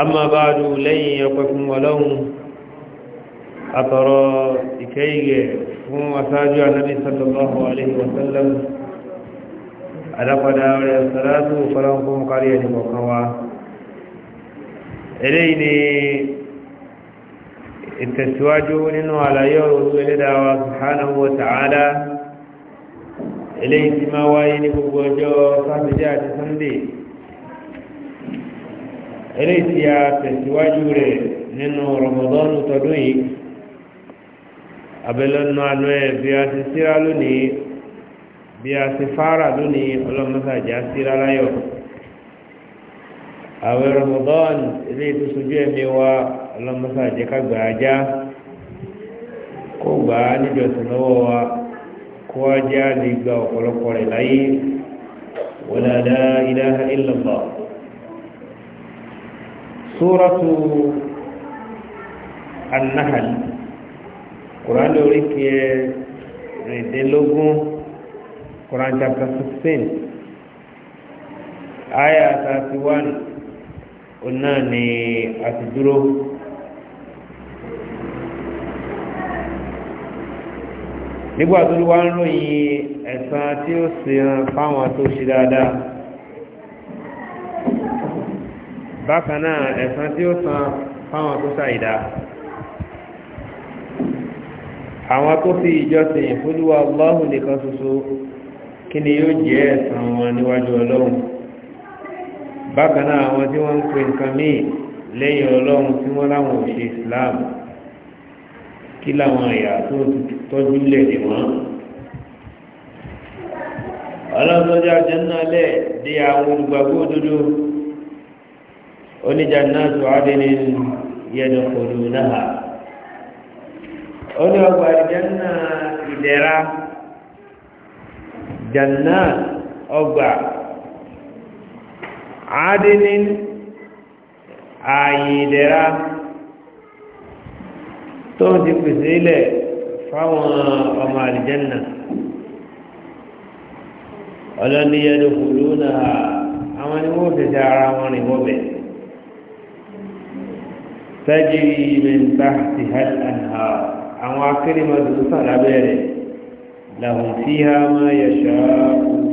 أما بعد لن يقفهم ولهم أترى إكيغ فهم وساجع النبي صلى الله عليه وسلم ألقنا عليه الصلاة فلنكم قرية وقوا إليني التسواج ننو على يوم الله سبحانه وتعالى إليه ما وين بقوجه صاحب جاء سندي eléyìí tí a tẹ̀síwájú rẹ̀ nínú Ramadan tọdún yìí abẹ́lẹ́nu àánú ẹ̀ bí a ti síra lónìí bí a ti fara lónìí ọlọ́mọ́sàjà síra láyọ̀ àwẹ̀ Ramadan eléyìí tó sojú ẹ̀mí wa ọlọ́mọ́sàjà ká gbà kó gbà á níjọsìn lọ́wọ́ wa kó á lè gba ọ̀pọ̀lọpọ̀ rẹ̀ láyé wala la ilaha illallah. سورة anahal quran lórí kẹrìndínlógún quran chapter sixteen آية thirty one ọ̀nà ni àti dúró. nígbà tó ló wá ń ròyìn ẹ̀san tí ó sì hàn fáwọn tó ṣe dáadáa. bákan náà ẹ̀san tí ó san fáwọn tó ṣàìdá àwọn tó fi ìjọsìn fúlúwa Allahu nìkan ṣoṣo kí ni yóò jẹ́ ẹ̀san wọn níwájú ọlọ́run bákan náà àwọn tí wọ́n ń pè nǹkan míì lẹ́yìn ọlọ́run tí wọ́n láwọn ò ṣe Islam kí láwọn ẹ̀yà tó tọ́jú lẹ̀ dè wọ́n ọlọ́run tó jẹ́ àjẹ́ náà lẹ̀ dé àwọn olùgbàgbọ́ òdodo oníjà náà tó adé ní yẹnu kòlù náà oní ọgbà ìjánná ìdẹ̀ra jàǹnà ọgbà adé ní ààyè ìdẹ̀ra tó ti pèsè ilẹ̀ fáwọn ọmọ àlìjánná ọlọ́ni yẹnu kòlù náà àwọn ni wọ́n fẹsẹ̀ ara wọn rìn wọ́bẹ̀ẹ́. تجري من تحتها الأنهار أو كلمة صلى لهم فيها ما يشاءون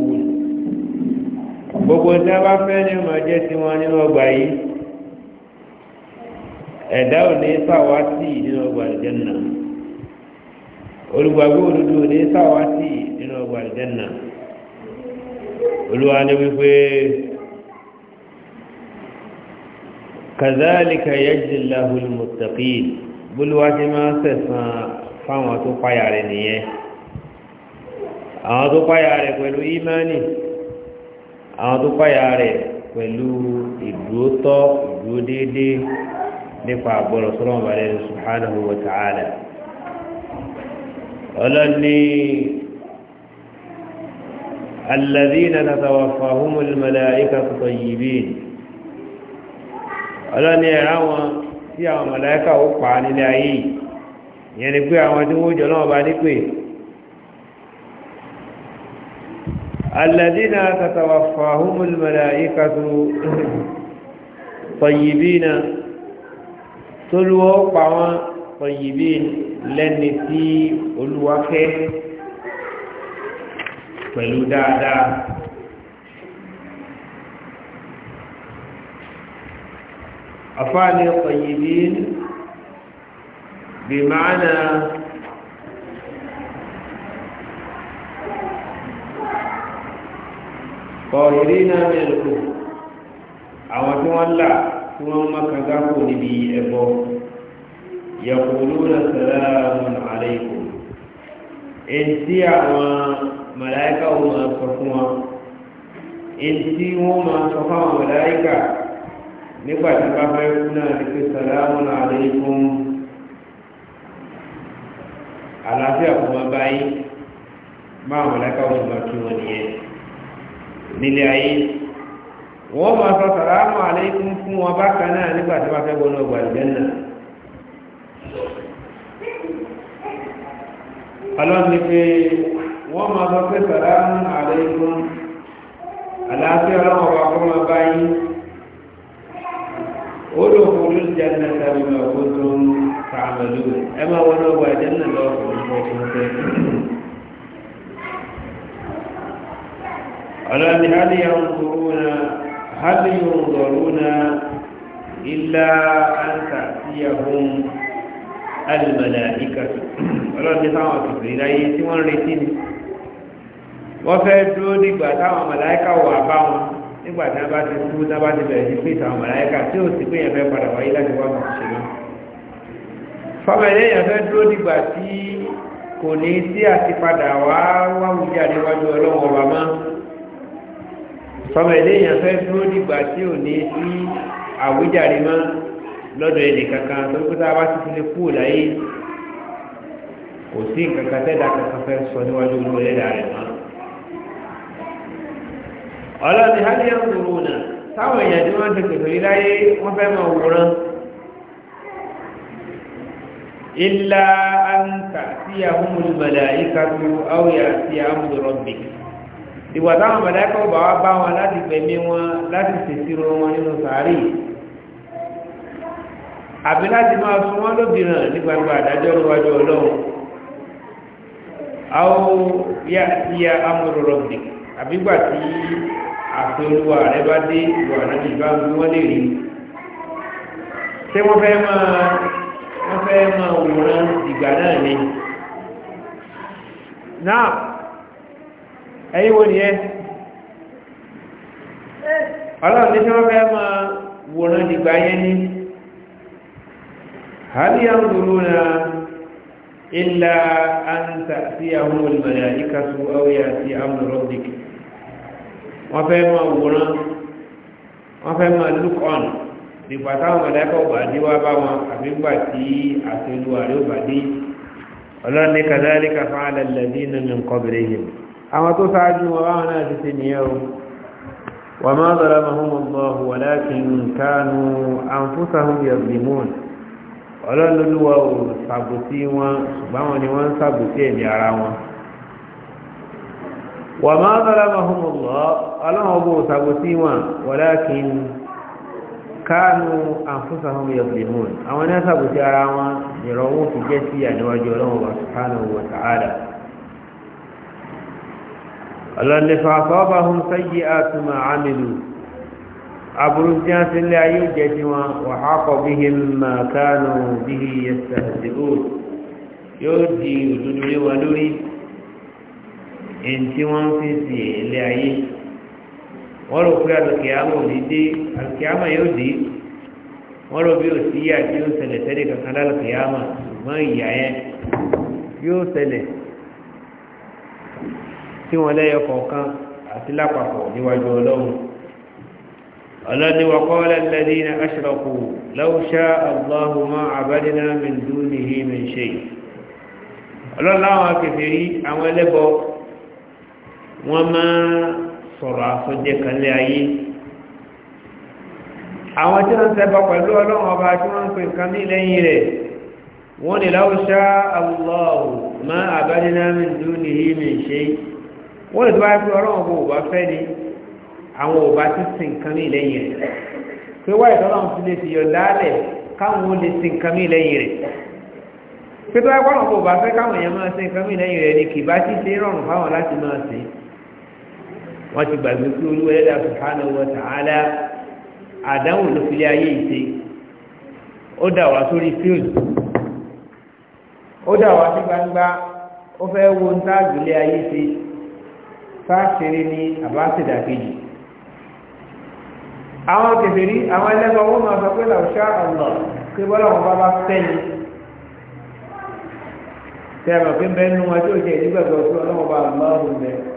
gbogbo tí a bá fẹ́ ní ọmọ jẹ́ tí wọ́n nínú ọgbà yìí ẹ̀dá ò ní sàwá sí nínú ọgbà àlùjẹ́nà olùgbàgbọ́ òdodo ò ní sàwá sí nínú ọgbà àlùjẹ́nà olùwà ni wípé. kàzálìkà yẹ́jì láhùl mùtàkì bólúwá ti máa sẹ̀sán fáwọn tó páyà rẹ̀ nìyẹn àwọn tó páyà rẹ̀ pẹ̀lú ìmánì àwọn tó páyà rẹ̀ pẹ̀lú ìdúrótọ́ ìdúró déédéé nípa àgbọ̀rọ̀ sọ́rọ̀ balẹ̀ subhanahu wa ta'ala ọlọ́ni alladhina tatawaffahumu al-mala'ikatu tayyibin ọlọ́ni ẹ̀rọ àwọn tí àwọn mọ̀láíkà ó pa nílé ayé yìí ìyẹn ni pé àwọn tí wọ́n jọ náà bá nípè alladina tatawaffahumul malaikatu tayyibina tolúwọ́ pa wọ́n tayyibin lẹ́ni tí olúwa fẹ́ pẹ̀lú dáadáa أفعل الطيبين بمعنى طاهرين من الكفر أو تولى ثم كذبوا نبي أبو يقولون سلام عليكم إنتي أما ملائكة وما صفوها إنتي وما صفوها ملائكة nígbà tí bá fẹ́ kú náà ní pé sàlámù aláìkùm àlàáfíà kò máa báyìí máa wọn lẹ́ka oṣù máa kí wọn nìyẹn nílé ayé wọ́n máa sọ sàlámù aláìkùm fún wọn bákan náà nígbà tí bá fẹ́ wọnú ọgbà ìjẹ́nà ọlọ́run ní pé wọ́n máa sọ pé sàlámù aláìkùm àlàáfíà ọlọ́run ọba kọ́ máa báyìí. ودخلوا الجنة بما كنتم تعملون أما ولو جنة لو ألا هل ينظرون هل ينظرون إلا أن تأتيهم الملائكة ọlọ́run ní táwọn kìfìrí láyé tí wọ́n ń retí ni wọ́n fẹ́ dúró nígbà táwọn màláíkà wà bá wọn nígbà tí wọ́n bá ti kú náà bá ti bẹ̀rẹ̀ sí pé ìtàwọn màláíkà tí ó sì pé yẹn fẹ́ padà wáyé láti wá mọ̀ ṣe lọ. fọ́bẹ̀lẹ́ yẹn fẹ́ dúró dìgbà tí kò ní sí àti padà wá wáwùjá níwájú ọlọ́wọ́ ọba mọ́ fọ́bẹ̀lẹ́ yẹn fẹ́ dúró dìgbà tí ò ní sí àwíjàre mọ́ lọ́dọ̀ ẹnì kankan tó kó tá a bá ti fi lè kú láyé kò sí nǹkan kan tẹ́ẹ̀dá kankan fẹ́ sọ níwájú olú ọlọ́ni hali yẹn tó wù náà táwọn èèyàn tí wọ́n ti pèsè yìí láyé wọ́n fẹ́ máa wòran ilá àǹtà sí àhúmùlù mọ̀lẹ́ ìkàtú àwòyà sí àhúmùlù rọ̀bì ìwà táwọn mọ̀lẹ́kọ̀ bá wá bá wọn láti gbẹ̀mí wọn láti ṣèṣirò wọn nínú sàárì àbí láti máa sun wọn lóbìnrin ní gbangba àdájọ́ níwájú ọlọ́run àwòyà sí àhúmùlù rọ̀bì àbígbà tí àpẹlúwà rẹ bá dé ìwà ànábì bá ń wọ́n lè rí ṣé wọ́n fẹ́ máa wọ́n fẹ́ máa wòran ìgbà náà ni náà ẹ̀yìn wo ni ẹ́ ọlọ́run ní ṣé wọ́n fẹ́ máa wòran ìgbà yẹn ni hal yanzuruna illa an ta'tiyahum al-mala'ikatu aw ya'tiya amru rabbik wọ́n fẹ́ máa wòrán wọ́n fẹ́ máa look on nígbà táwọn mọ̀lẹ́kọ̀ bá dé wá bá wọn àbí gbà tí àtẹlù àríwá bá dé ọlọ́ni kàdáàlì kàfà àlẹ́lẹ́dí nínú nǹkan bèrè yìí àwọn tó sáájú wọn báwọn náà ti ṣe nìyẹn o wà máa dọ̀rọ̀ mahumma allah walakin kanu anfusahum yazlimun ọlọ́run ọgbọ́ òsàgbò sí wọn walakin kánú àfúsàhùn yẹ̀bùlẹ̀mùn àwọn ní àsàgbò sí ara wọn ìrọ̀wọ́ fi jẹ́ sí àníwájú ọlọ́run ọba subhanahu wa ta'ala ọlọ́lẹ́fà sọ́ọ́bà hùn sẹ́yí àtúmọ̀ àmìlú aburú tí wọ́n ti lé ayé jẹ́ sí wọn wàhákọ̀ bí i mà kánú bí i yẹsẹ̀ àdìgbò yóò di òdodo lé wọn lórí èyí tí wọ́n fi sí ilé ayé wọ́n rò pé alùkìyàmọ̀ ní dé alùkìyàmọ̀ yóò dé wọ́n rò bí òsì yà tí ó ṣẹlẹ̀ sẹ́lẹ̀ kankan lálùkìyàmọ̀ ṣùgbọ́n ìyà yẹn yóò ṣẹlẹ̀ tí wọ́n lẹ́yọ kọ̀ọ̀kan àti lápapọ̀ níwájú ọlọ́run ọlọ́ni wa qala alladhina ashraku law sha'a Allahu ma 'abadna min dunihi min shay àwọn ẹlẹ́bọ wọ́n máa sọ̀rọ̀ àsọjẹ́ kanlẹ̀ ayé àwọn tí wọ́n ṣẹbọ pẹ̀lú ọlọ́run ọba tí wọ́n ń pè nǹkan ní lẹ́yìn rẹ̀ wọ́n ni law sha'a Allahu ma abadna min dunihi min shay wọ́n lè tó bá fi ọlọ́run ọba òbá fẹ́ ni àwọn òbá ti sin nǹkan ní lẹ́yìn rẹ̀ pé wáyé tọ́lọ́run ti lè fi yọ dálẹ̀ káwọn ó lè sin nǹkan ní lẹ́yìn rẹ̀ pé tó bá fi ọlọ́run ọba òbá fẹ́ káwọn èèyàn máa wọ́n ti gbàgbé pé olúwa ẹ̀dá subhanahu wa ta'ala àdáhùn ló fi lé ayé ìṣe ó dà wá sórí fíìlì ó dà wá sí gbangba ó fẹ́ wo ń táàgì lé ayé ṣe sáàṣeré ní àbáṣedà kejì àwọn kèfèrí àwọn ẹlẹ́gbọ́n wọ́n máa sọ pé làwùṣá ọ̀nà pé bọ́lá wọn bá bá fẹ́yìn tẹ́lọ̀ pé bẹ́ẹ̀ nú wọn tí ó jẹ́ ìdígbàgbọ́ sí ọlọ́wọ́ bá lọ́ọ̀rùn bẹ́ẹ̀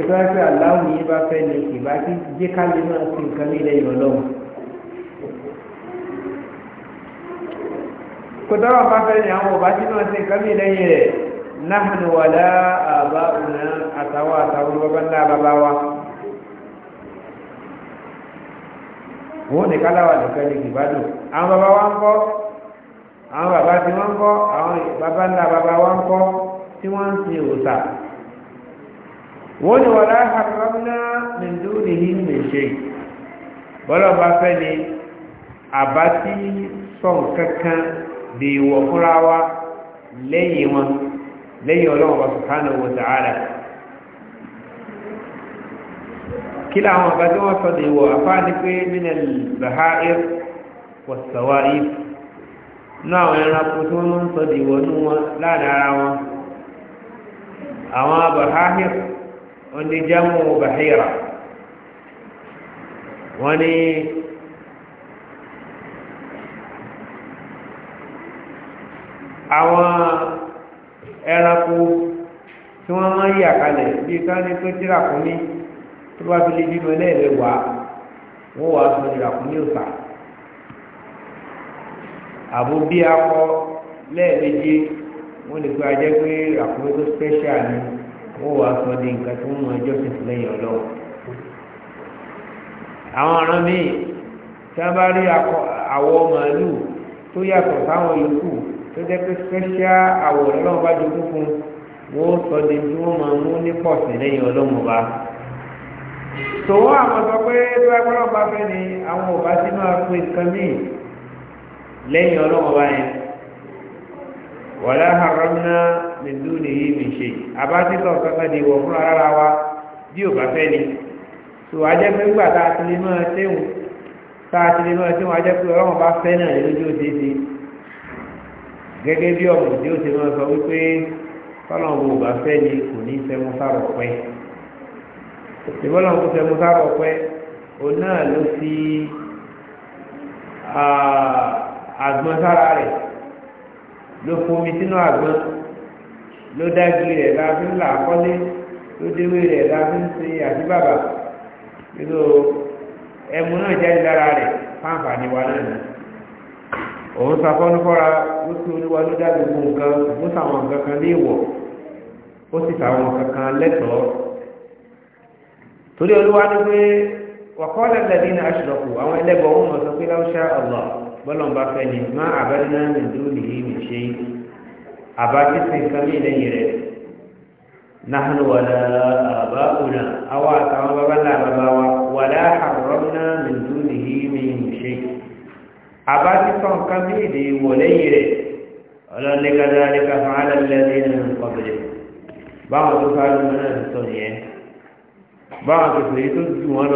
ìgbà pé aláwọ̀ yìí bá fẹ́ ni ìbá ti jẹ́ ká lè máa fi nǹkan nílẹ̀ yọ̀ lọ́wọ́. kódà wà bá fẹ́ ni àwọn ọba tí máa ṣe nǹkan nílẹ̀ yìí rẹ̀ náhànú wà lá àbá òun àtàwọn àtàwọn bàbá ńlá bàbá wa. òun nìkan láwà nìkan ni ìbádùn àwọn bàbá wa ń kọ́ àwọn bàbá tí wọ́n ń kọ́ àwọn bàbá ńlá bàbá wa ń kọ́ tí wọ́n ń sin òòṣà wọ́n ni wọ́n láhà rọ́nà nìdú nìyí nìṣe bọ́lọ́ba fẹ́ ni àbá tí sọ̀n kankan di wọ̀ fúnra wa lẹ́yìn wọn lẹ́yìn bá wa ta'ala kí láwọn àbá tí wọ́n sọ di wọ̀ afá ni pé nínú baha'ir wàsàwáìf náà àwọn ẹranko tí wọ́n ní jamu bahira wọ́n ní àwọn ẹranko tí wọ́n máa ń yà kalẹ̀ bíi ká ní pé tíra kún ní tó bá fi lè bímọ lẹ́ẹ̀mẹ́wàá wọ́n wàá sọ tíra kún ní òòsà àbò bí akọ lẹ́ẹ̀mejì wọ́n lè fi ajẹ́ pé àkúrẹ́ tó special ni ó wàá sọ di nǹkan tó ń mọ ẹjọ́ sì lẹ́yìn ọlọ́wọ́ àwọn ọ̀ràn míì tí wọ́n bá rí àwọ̀ màálùú tó yàtọ̀ sáwọn yòókù tó jẹ́ pé special àwọ̀ ọlọ́wọ́ bá jogún fún wọ́n sọ di tí wọ́n máa mú ní pọ̀ sí lẹ́yìn ọlọ́wọ́ bá tòun àwọn sọ pé tó ẹgbẹ́rún bá fẹ́ ni àwọn ò bá sí máa pín nǹkan míì lẹ́yìn ọlọ́wọ́ bá yẹn wọ́n lẹ́ nìdú nìyí mi ṣe àbá títọ̀ kankan di ìwọ̀ fún ara wa bí ò bá fẹ́ ni tó ajẹ́ pé gbà tá a ti lè máa tẹ́wọ̀n tá a ti lè máa tẹ́wọ̀n ajẹ́ pé ọlọ́run bá fẹ́ náà lójú ó ti ṣe gẹ́gẹ́ bí ọ̀pọ̀ tí ó ti máa sọ wípé tọ́lọ́run ò bá fẹ́ ni kò ní sẹ́mu sárọ̀ pẹ́ ìbọ́lọ́run kò sẹ́mu sárọ̀ pẹ́ òun náà ló fi àgbọn sára rẹ̀ ló fomi sínú àgbọn. ló dájú rẹ̀ la fi ń là kọ́lé ló déwé rẹ̀ la fi ń ṣe àdúbàbà nínú ẹmu náà jáde lára rẹ̀ fáǹfààní wa náà ni òun sàkọ́nú fọ́ra ó sì olúwa ló dá gbogbo nǹkan ó sàwọn nǹkan kan ní ìwọ̀ ó sì sàwọn nǹkan kan lẹ́tọ̀ọ́ torí olúwa ni pé wàkọ́lẹ̀ lẹ́dí ní aṣọ́kù àwọn ẹlẹ́gbọ̀n sọ pé ọ̀lọ́ bọ́lọ̀ ń bá fẹ́ ni má náà nìdúró اباكي سيكمي نيره نحن ولا اباؤنا او اتعوا بلا بلاوا ولا حرمنا من دونه من شيء اباكي سيكمي دي وليره ولا ذلك فعل الذين من قبله بعض فعل من الثانية بعض فريت الجوان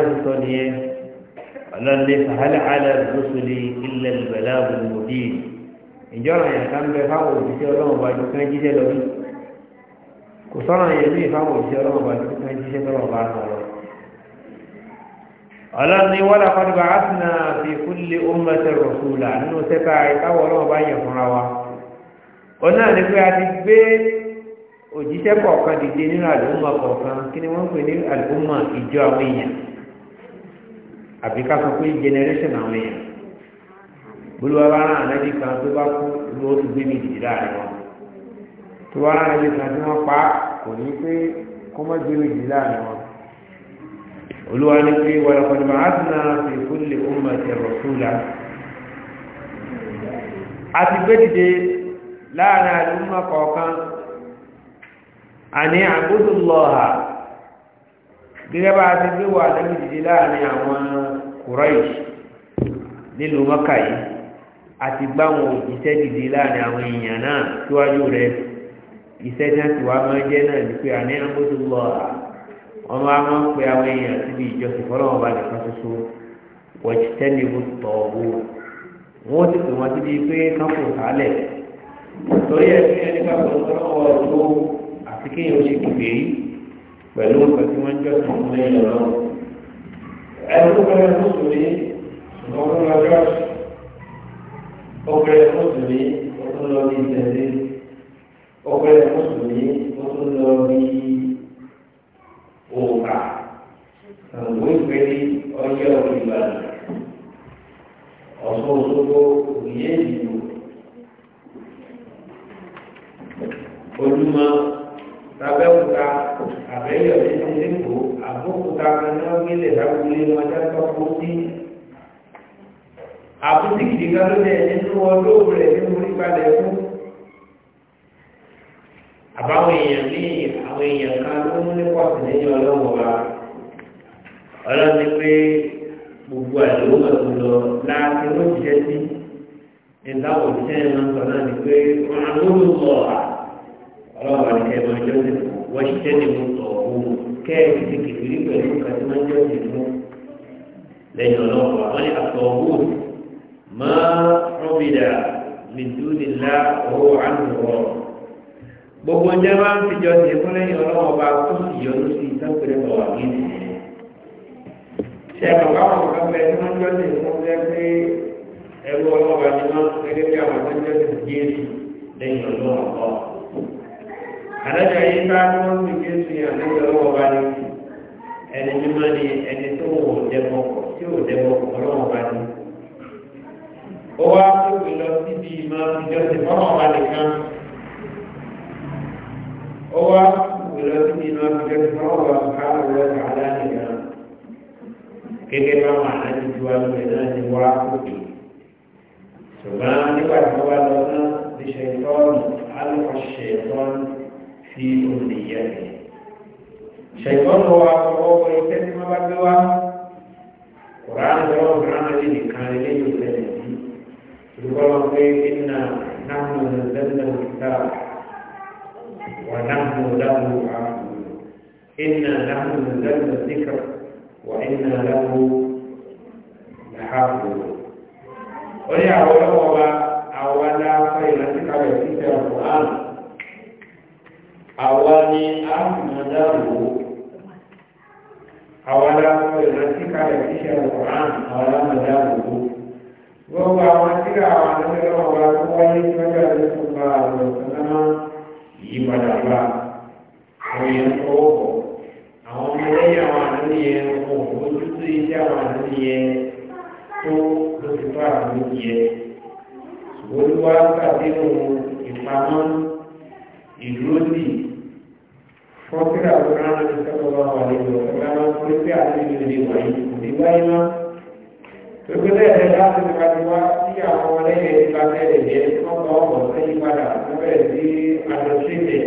الثانية ولا لفعل على الرسل إلا البلاغ المبين ìjọ ọ̀ràn yẹn ká ń bẹ fáwọn òṣìṣẹ́ ọlọ́run bá ju kán jíṣẹ́ lọ rí kò sọ̀rọ̀ yẹn ní ìfáwọn òṣìṣẹ́ ọlọ́run bá ju kán jíṣẹ́ tọ́lọ̀ bá nà lọ. ọlọ́run ni wọ́n lọ́kọ́ nípa asina fi kulli ummati rasula nínú sẹ́ta ìkáwọ́ ọlọ́run bá yẹn fúnra wa. ó náà ní pé a ti gbé òjíṣẹ́ kọ̀ọ̀kan dìde nínú àlùmọ̀ kọ̀ọ̀kan kí ni wọ́n pè ní àlùmọ̀ ìjọ àwọn èèyàn àbí ká generation àwọn èèyàn bólúwa bá rán ànábì kan tó bá kú ló ti gbé mi dìde láàrin wọn tó bá rán ànábì kan tí wọ́n pa kò ní pé kó má gbé mi dìde láàrin wọn olúwa ní pé wàlá kọ́ni máa á tún náà fi kulli ummati rasula àti gbé dìde láàrin àdúgbò kọ̀ọ̀kan àní àbúdù lọ́ha gẹ́gẹ́ bá ti gbé wà lẹ́mìdìdì láàrin àwọn Quraish nílùú Mọ́kà yìí àti gbá wọn òjíṣẹ́ dìde láàrin àwọn èèyàn náà síwájú rẹ iṣẹ́ náà ti wá máa jẹ́ náà ní pé àní àmójú lọ wọn máa máa ń pe àwọn èèyàn síbi ìjọsìn fọlọ́wọ́n balẹ̀ ṣoṣo wọ̀jíṣẹ́ ni mo tọ̀ wọn ti pè wọn síbi pé káfọ̀ sálẹ̀ torí fi ẹni ká àti kéèyàn ó ṣe pẹ̀lú tí wọ́n tó ọkùnrin ọkùnrin ọkùnrin ọdún ìtẹ̀lé محمد صلى الله عليه وسلم كنت أعلم بالرواية بالرواية Tukule ẹ̀dá ti ti pàtó wá sí àwọn ọlẹ́yìn ìgbà tẹ́lẹ̀ jẹ́ ọkọ̀ ọmọ sẹ́yìn padà lọ́bẹ̀rẹ̀ sí àjọṣẹ́lẹ̀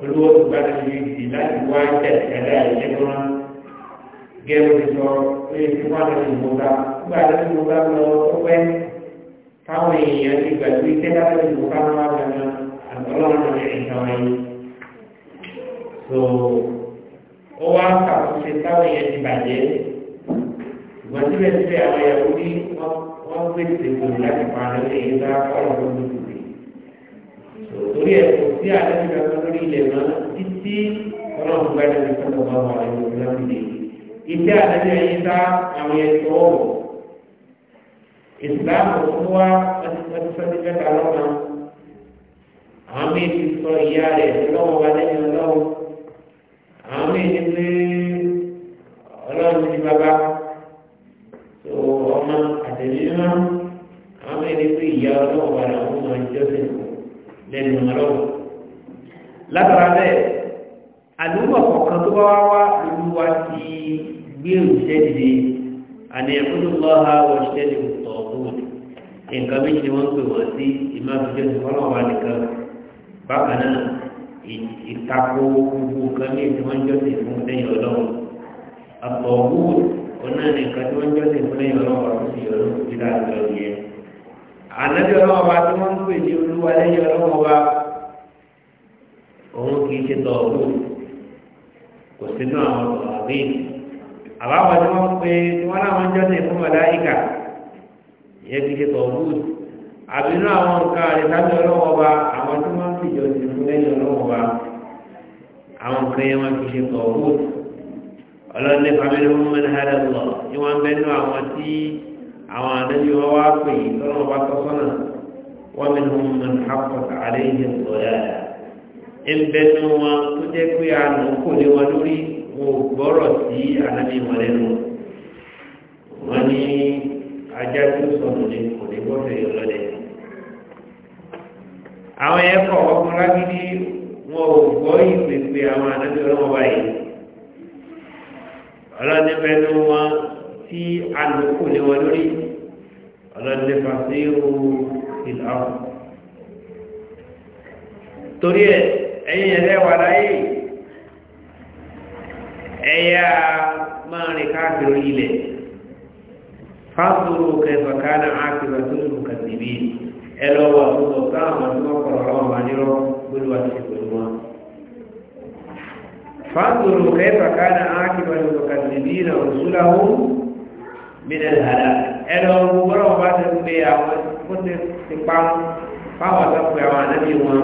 olówó tó bá ti fi ìdí láti wá ìtẹ̀ ẹ̀dá ìjẹ́ kan. Gẹ́gẹ́ bí sọ pé kí wọ́n lọ sí ìmúta. Nígbà tó ti múta lọ ọpẹ́ táwọn èèyàn ti gbàgbé tẹ́lá lọ sí ìmúta náà wà lọ́nà àtọ́lọ́run ẹ̀ṣọ́ ẹ̀yìn tó ó wá kàkóso táwọn yẹn ti bàjẹ́ ìwọ̀n síbẹ̀síbẹ̀ àwọn yẹn wọ́n wọ́n gbèsè kò láti pa àwọn èèyàn bá kọ́lọ̀ tó lù sí. torí ẹ̀ kò sí àdéhùn kankan lórí ilẹ̀ mọ́ títí ọlọ́run bá dẹ̀ tó lọ́ bá wà lórí ìlànà ìdí àdéhùn yẹn dá àwọn yẹn tó wọ̀. ìsìláàmù fún wa wọ́n ti sọ́dí mẹ́ta lọ́nà àwọn méjì sọ àwọn méjì pé ọlọ́run ní bàbá tó ọmọ àtẹ̀lẹ́mọ́ àwọn méjì pé ìyá ọlọ́run wà láwọn ọmọ ìjọsìn lẹ́nu ọlọ́run látara bẹ́ẹ̀ àdúgbò kọ̀ọ̀kan tó bá wá ìlú wa ti gbé òṣìṣẹ́ dìde àní ẹ̀kúndù lọ́ha òṣìṣẹ́ dìbò tọ̀ọ̀kùn nǹkan méjì ni wọ́n pè wọ́n sí ìmáfíjọ́sìn fọlọ́wà nìkan bákan náà ìtakò gbogbo kan ní ìdí wọn jọ sí fún lẹ́yìn Ọlọ́run àtọwò ọ̀nà nìkan tí wọ́n jọ sí fún lẹ́yìn Ọlọ́run ọdún sí Ọlọ́run ti dá lọ yẹn ànábì Ọlọ́run ọba tí wọ́n ń pè ní olúwa lẹ́yìn Ọlọ́run ọba òun kì í ṣe tọwò kò sínú àwọn ọ̀rẹ́ àbáwọn tí wọ́n pè tí wọ́n láwọn jọ sí fún màláíkà yẹ kì í ṣe tọwò àbínú àwọn nǹkan àrètájọ Ọlọ́run ọba àwọn tí wọ́n fìjọ ti fún lẹ́yìn ọlọ́wọ́ wa àwọn nǹkan yẹn wọn fi ṣe kọ̀ owó ọlọ́run nípa mi ló mú mẹ́ta hàdà lọ ni wọ́n bẹ́ nú àwọn tí àwọn àdájú wọn wá pè é tọ́lọ́ bá tọ́ sọ́nà wọ́n mi ló mú mẹ́ta àlẹ́ yìí lọ yára ẹ̀ ń bẹ́ nú wọn tó jẹ́ pé àná kò lé wọn lórí wọn ò gbọ́rọ̀ sí àdájú wọn lẹ́nu wọn ní ajá tó sọnù ní kò ní gbọ́fẹ̀ẹ́ lọ́dẹ̀ẹ́ àwọn yẹn kọ̀ ọkùnrin lágídí wọn ò gbọ́ ìpèpè àwọn ànábì ọlọ́wọ́ báyìí ọlọ́ni mẹ́nu wọn tí alùpùpù lé wọn lórí ọlọ́ni fàṣẹ ìhù ìlà ọ̀hún torí ẹ ẹ̀yin yẹn lẹ́wà láyé ẹ̀yà máa rìn káàkiri ilẹ̀ fásitì kẹfà kánà ákìlọ̀ tó lù kàtìbí yìí ẹ lọ wà lọ káwọn tí wọn kọrọ ọmọ wa nírọ gbọ́dọ̀ wà sí pẹ̀lú wọn. fáńtòrò kẹfà kánà ákìbà ní ọkàtìbí na òṣùláwó mílẹ̀ àdá ẹ lọ gbọ́dọ̀ wọn bá ti pé àwọn kó ti ti pa fáwọn tó pe àwọn ànábì wọn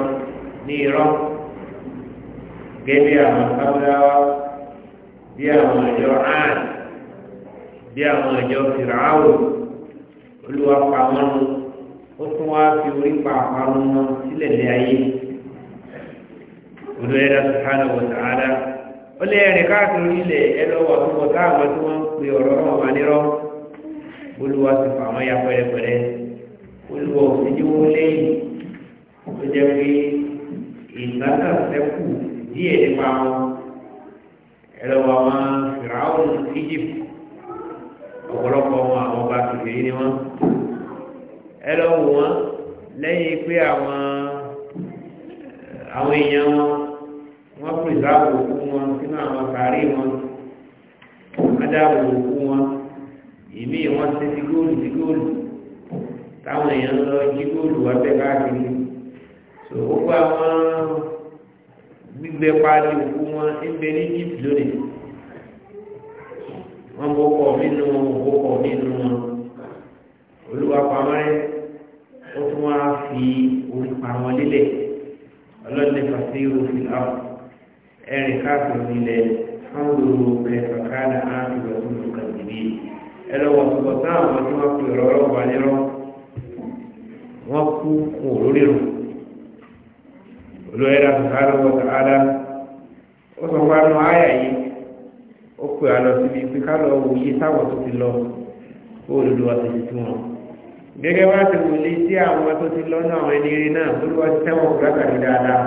ní irọ́ gẹ́gẹ́ àwọn sábúdáwá bí àwọn ìjọ áàdì bí àwọn ìjọ fìràwò olúwa pa wọn ó tún wá fi orí pa àparun wọn sílẹ̀ lé ayé olùyẹ̀dá subhanahu wa ta'ala ó lé ẹ̀rìn káàkiri ilẹ̀ ẹ lọ́wọ́ àtúbọ̀ táwọn tí wọ́n ń pe ọ̀rọ̀ náà wà nírọ́ olúwa ti fà wọ́n ya pẹ́rẹpẹ́rẹ olúwa òsèjì wọn lẹ́yìn ó jẹ́ pé ìgbàgbà sẹ́kù díẹ̀ nípa wọn ẹ lọ́wọ́ àwọn fìràwọ̀n Egypt ọ̀pọ̀lọpọ̀ wọn àwọn ọba kìfìrí ni wọ́n ẹ lọ wò wọn lẹ́yìn pé àwọn àwọn èèyàn wọn wọ́n pèsèwò òkú wọn sínú àwọn kàrí wọn wọ́n dáwò òkú wọn ìmí wọn ti di góòlù di góòlù táwọn èèyàn lọ jí góòlù wọn bẹ káàkiri so gbogbo àwọn gbígbẹ pali òkú wọn ń bẹ ní Egypt lónìí wọn bó kọ mí nù wọn bó kọ mí wọn olúwa pamọ́ ó tún wá fi orí pa wọn lélẹ̀ ọlọ́dẹ fàṣẹ òfin àwọn ẹ̀rìn káàkiri nílẹ̀ fáwọn olùkọ́ ẹ̀fọ́ káàdà á ti wọ̀ fún olùkọ́ ìdìbí ẹ lọ́wọ́ sọ̀tọ̀ tí wọ́n pe ọ̀rọ̀ wà lérò wọ́n kú kún òrórí rò olóyè náà sọ̀rọ̀ wọ́n sọ̀rọ̀ ádá ó sọ fún anú yìí ó pè síbi pé gẹ́gẹ́ wá sí wò lé sí àwọn tó ti lọ́nà àwọn ẹni rí náà tó lọ́wọ́ sí tẹ́wọ̀n gbàgbà ní dáadáa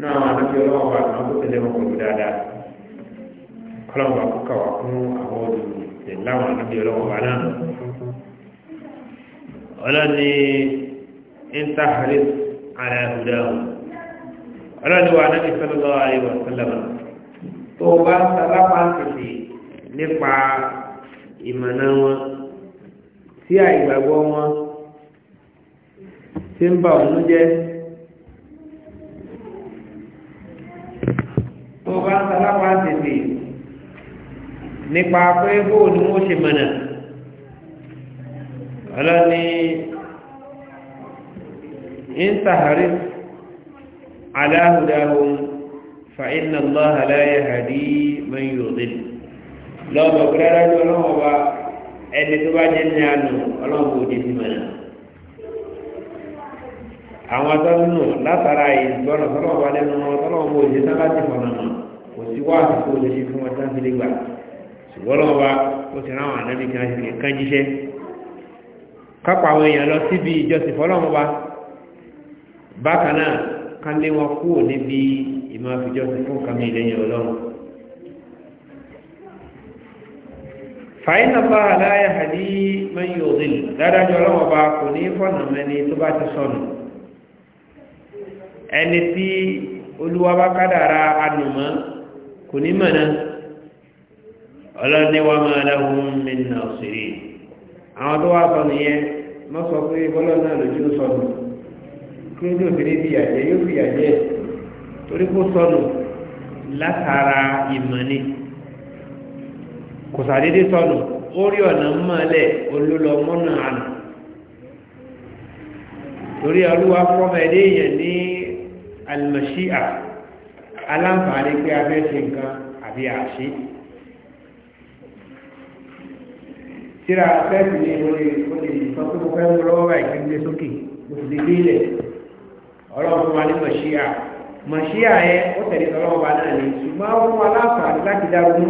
náà àwọn àti ọlọ́wọ́ wa àwọn tó tẹ̀lé wọn pẹ̀lú dáadáa kọ́lọ́wọ́ kó kà wá fún àwọn olùsè láwọn àti ọlọ́wọ́ wa náà. ọlọ́ni intahris ala hudahu ọlọ́ni wa anábì sallallahu alaihi wa sallam tó bá sábà pàṣẹ nípa ìmọ̀nà wọn tí àìgbàgbọ́ wọn tí ń bà òun jẹ́ tó bá ń salápá tètè nípa pé bóò ni wọ́n ṣe mọ̀nà ọlọ́ni ń sàárè aláhùdáhùn fa'inna Allah la yahdi lọ́bọ̀ gbẹ́rẹ́ lọ́wọ́ bá ẹni tó bá jẹ́ ní àná ọlọ́run kò dé sí àwọn atọ́nù látara wà lẹ́nu wọn tọ́lọ́wọ́ kò dé sábà ti fọ̀nà mọ́ kò sí wá àsìkò lè ṣe fún wọn tán fi lè gbà ṣùgbọ́n lọ́wọ́ wa ó ti ráwọn kan ṣe lè kán jíṣẹ́ kápá àwọn èèyàn lọ síbi ìjọsìn fọlọ́wọ́ wa bákan náà lé wọn kúrò níbi ìmọ̀ àfijọ́sìn fún fàyín na aláyà hàdí ya òdìl dáadájọ́ ọlọ́wọ́ bá kò ní fọ́nà mẹ́ni tó bá ti sọnù ẹni tí olúwa bá kádàrá kò ní mọ̀nà ọlọ́niwà máa lẹ́hùn mi nà òsèré àwọn tó wá sọnù yẹn mọ́ sọ pé bọ́lọ́ náà lójú sọnù kí ló dé òfin bí yàjẹ́ yóò kò sàdédé sọnù ó rí ọ̀nà mọ́lẹ̀ olólọ mọ́nà àná torí ọlúwa fọ́mọ ẹ̀dẹ́ èèyàn ní alimọ̀ṣíà aláǹfààní pé a fẹ́ ṣe nǹkan àbí àṣí tíra fẹ́ẹ̀sì ni mo lè sọ pé mo fẹ́ mú lọ́wọ́ báyìí kí n gbé sókè mo sì lè gbé ọlọ́run wa ní mọ̀ṣíà mọ̀ṣíà yẹn ó tẹ̀lé sọ́lọ́wọ́ bá náà ní ṣùgbọ́n ó fún wa láǹfààní láti dá ronú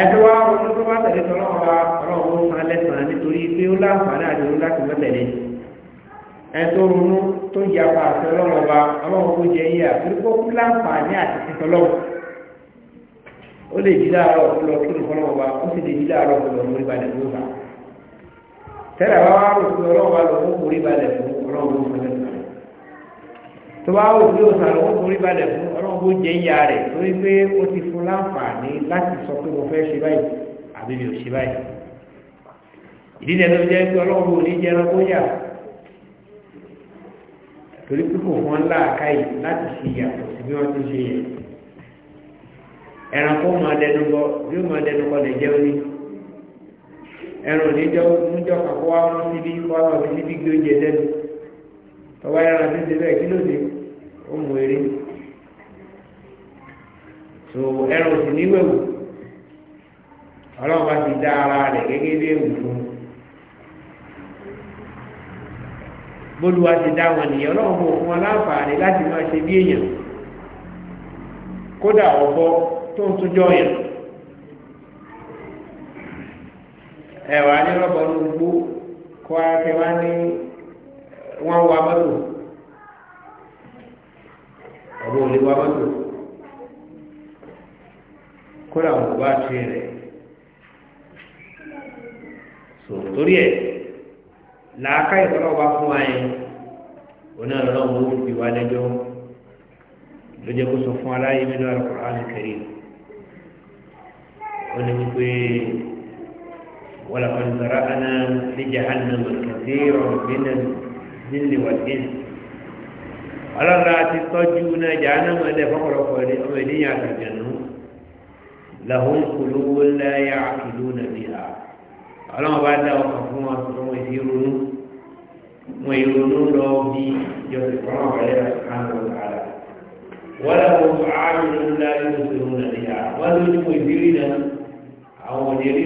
ẹtí wá ronú tó bá tẹ̀lé tọ́lọ́ wa ọlọ́run ó san lẹ́sàn-án nítorí pé ó láǹfààní àdéhùn láti mọ́ tẹ̀lé ẹtí ronú tó ń yà pa àti ọlọ́run ọba ọlọ́run ó jẹ yíyà torí pé ó kú láǹfààní àti tẹ̀tọ́lọ́run ó lè jí láàárọ̀ ó lọ kí nìkan ọba ó sì lè jí láàárọ̀ ó lọ mórí balẹ̀ ló bá tẹ́lẹ̀ wá wá rò pé ọlọ́run wa lọ mú mórí balẹ̀ fún ọlọ́run ó san lẹ́sàn-án tó bá wò pé òsàn lọ́wọ́ torí balẹ̀ fún ọlọ́run bó jẹ́ ìyá rẹ̀ torí pé ó ti fún láǹfààní láti sọ pé mo fẹ́ ṣe báyìí àbí mi ò ṣe báyìí ìdí ìdẹ́nu jẹ́ pé ọlọ́run bó ní jẹran kó yà torí pé kò wọ́n láàká yìí láti ṣe yàtọ̀ sí bí wọ́n ti ṣe yẹ ẹranko máa dẹnu bọ yóò máa dẹnu kọ lè jẹun ní ẹran òní jọ mú jọ kàkó wá mú síbí kó wá mú síbí gbé oúnjẹ dẹnu tọ́wọ́ yára ti ṣe bẹ́ẹ̀ kí ló dé ó mú eré so ẹran sì ní wẹ̀wù ọlọ́run bá ti dá ara rẹ̀ gẹ́gẹ́ bí èwù fún un bólúwa ti dá wọn nìyẹn ọlọ́run kò fún wọn láǹfààní láti máa ṣe bí èèyàn kódà ọ̀bọ tó ń túnjọ yàn ẹ̀wà ní rọ́bọ̀ ní gbó kó akẹ́wà ní wọ́n wá mọ́tò àwọn olè wá mọ́tò kódà wọn bá ṣe rẹ̀ so torí ẹ̀ làákà ìtọ́lọ́ bá fún wa yẹn oní ọlọ́run ló fi wá lẹ́jọ́ ló kó sọ fún aláyé nínú Al-Qur'an Al-Karim ó ní wípé. ولقد ذرأنا لجهنم كثيرا من nílé wà dín ọlọ́run àti tọ́jú náà jà náà mọ̀ ẹ̀dẹ̀ fọ́pọ̀lọpọ̀ ẹ̀dẹ̀ ọmọ ènìyàn àtàjẹ̀nú làwọn olówó ńlá yà àkìlú nàbí ha ọlọ́run bá dá ọkàn fún wọn tó wọn èsì ronú wọn ìrònú lọ bí jọ̀sìn fọ́nà ọ̀rẹ́ àkàndọ̀ àlà wọ́n làwọn ààrùn ńlá yóò nàbí ha wọ́n ló ní wọn ìbírí náà àwọn òdìrí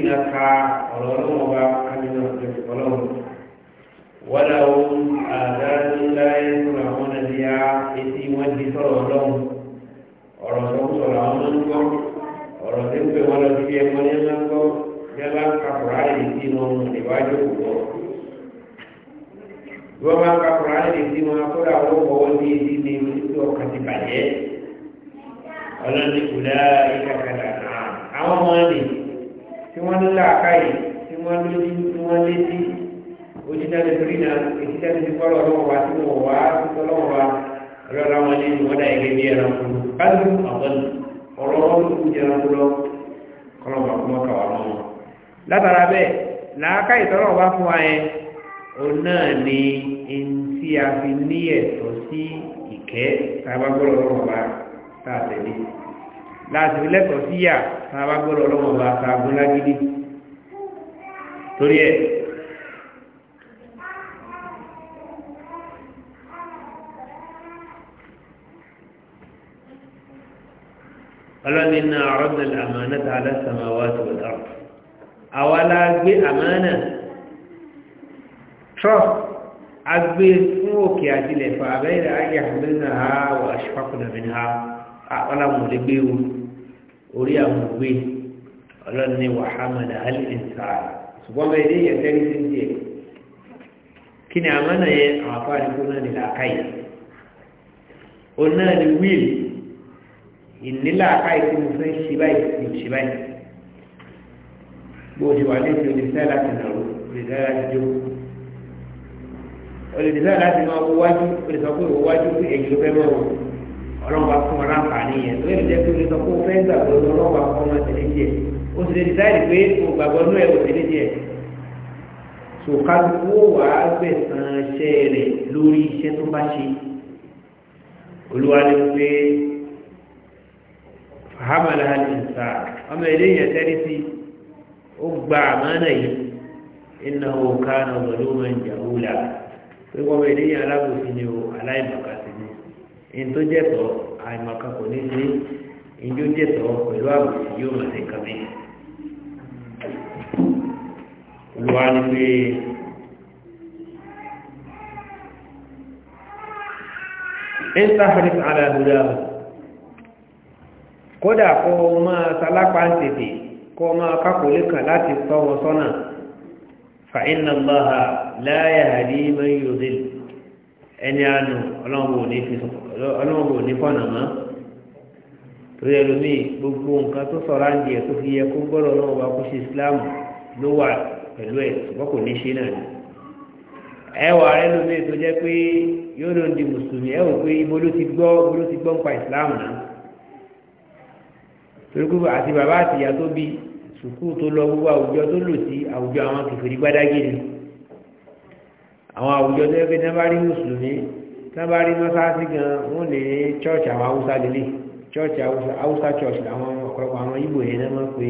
ولهم آذان لا يسمعون بها إثم والذكر ولهم ọ̀rọ̀ sọ̀rọ̀ àwọn ọmọ ńgbọ́ ọ̀rọ̀ tí ń pè wọ́n lọ sí ẹ̀kọ́ ní ẹ̀ma ńgbọ́ yálà kakura yìí sí wọn ìwájú òkùnkùn. bí wọ́n bá kakura yìí sí wọn akọ́dà wọ́n kọ́ wọ́n ní èdè ní oníṣẹ́ ọkàn ti bàjẹ́ ọlọ́ni kùdà ìkàkàdà náà. àwọn ọmọ ẹni tí wọ́n ní làákàyè tí wọ́n lójú tí wọ́n létí ojúdáde torí náà ojúdáde ti kọ́ lọ́wọ́ wa tí wọ́n wá tó lọ́wọ́ wa rárá wọn ní wọ́n dá ẹgbẹ́ bí ẹranko kájú àwọn ọ̀rọ̀ wọn tó kú jẹranko lọ kọ́lọ́wọ́ kọ́mọ́ kà wá lọ́wọ́. látara bẹ́ẹ̀ làákà ìtọ́lọ̀ wá fún wa yẹn òun náà ni ẹni si a fi ní ẹ̀tọ́ sí ìkẹ́ tá a bá gbọ́dọ̀ lọ́wọ́ wa tá a tẹ̀lé láti fi lẹ́tọ̀ọ́ síyà tá a bá gbọ́dọ̀ lọ́wọ́ wa tá a gbọ́dọ̀ lágídí torí ọlọ́ni náà ọ̀rọ̀dà àmàna tà alásàmáwá tó dà àwa la gbé àmàna trust agbé fún òkè àtìlẹ̀ fà abẹ́rẹ́ ayé àmàna ha wà aṣọ́kùnrin mi ha ọlọ́mọdé gbé o orí àwọn òwe ọlọ́ni wàhámàdà alìsà ṣùgbọ́n bẹ́ẹ̀ ní ìyẹn tẹ́lẹ̀ sí díẹ̀ kí ni àmàna yẹn àwọn afáàdìkú náà nílà káyìí òun náà ni wíìlì ìnílà káyìí mo fẹ́ ṣe báyìí mo ṣe báyìí bó o ṣe wà ní ìṣe olùdíṣẹ́ láti nàró olùdíṣẹ́ láti jó olùdíṣẹ́ láti máa wo wájú olùdíṣẹ́ pé wo wájú pé èyí ló fẹ́ mọ́ o ọlọ́run bá fún ọ láǹfààní yẹn lórí ìjẹ́ pé olùdíṣẹ́ pé o fẹ́ gbàgbọ́ ọlọ́run bá fún ọmọ tẹ̀lé díẹ̀ o sì lè dísáìdì pé o gbàgbọ́ inú ẹ̀ o tẹ̀lé díẹ̀ sòkàlùkù wà á gbẹ̀sán iṣẹ́ rẹ̀ lórí iṣẹ́ tó bá ṣe olúwa ni pé hamala alisa ọmọ ilé yẹn tẹ́rí sí ó gba àmánà yìí iná òkà náà pẹ̀lú mẹ́jà wúlà pé ọmọ ilé yẹn alábòsí ni ó aláìmọ̀ká sí ni ẹni tó jẹ́tọ̀ àìmọ̀ká kò ní sí ẹni tó jẹ́tọ̀ pẹ̀lú àbòsí yóò máa ṣe kàmí. olùwà ni pé ń sáfẹ́rẹ́ àlàhùdà. kódà kó o máa salápá ń tètè kó o máa kákòólé kan láti tọ́ wọn sọ́nà fa inna Allaha la yahdi man yudil ẹni àánú ọlọ́run ò ní fọ́nà mọ́ torí gbogbo nǹkan tó sọ̀rọ̀ àǹdí ẹ̀ tó fi yẹ kó gbọ́dọ̀ náà wá kó ṣe Islam ló wà pẹ̀lú ẹ̀ ṣùgbọ́n kò ní ṣe náà ni ẹwà rẹ lómi tó pé yóò torí àti bàbá àti ìyá tó bí tó lọ gbogbo àwùjọ tó lò sí àwùjọ àwọn kìfìrí gbádágìrì àwọn àwùjọ tó yẹ rí mùsùlùmí rí mọ́sáàsì gan wọn lè ní chọ́ọ̀chì àwọn haúsá lélẹ̀ chọ́ọ̀chì haúsá chọ́ọ̀chì àwọn ọ̀pọ̀lọpọ̀ àwọn ibo yẹn náà máa ń pè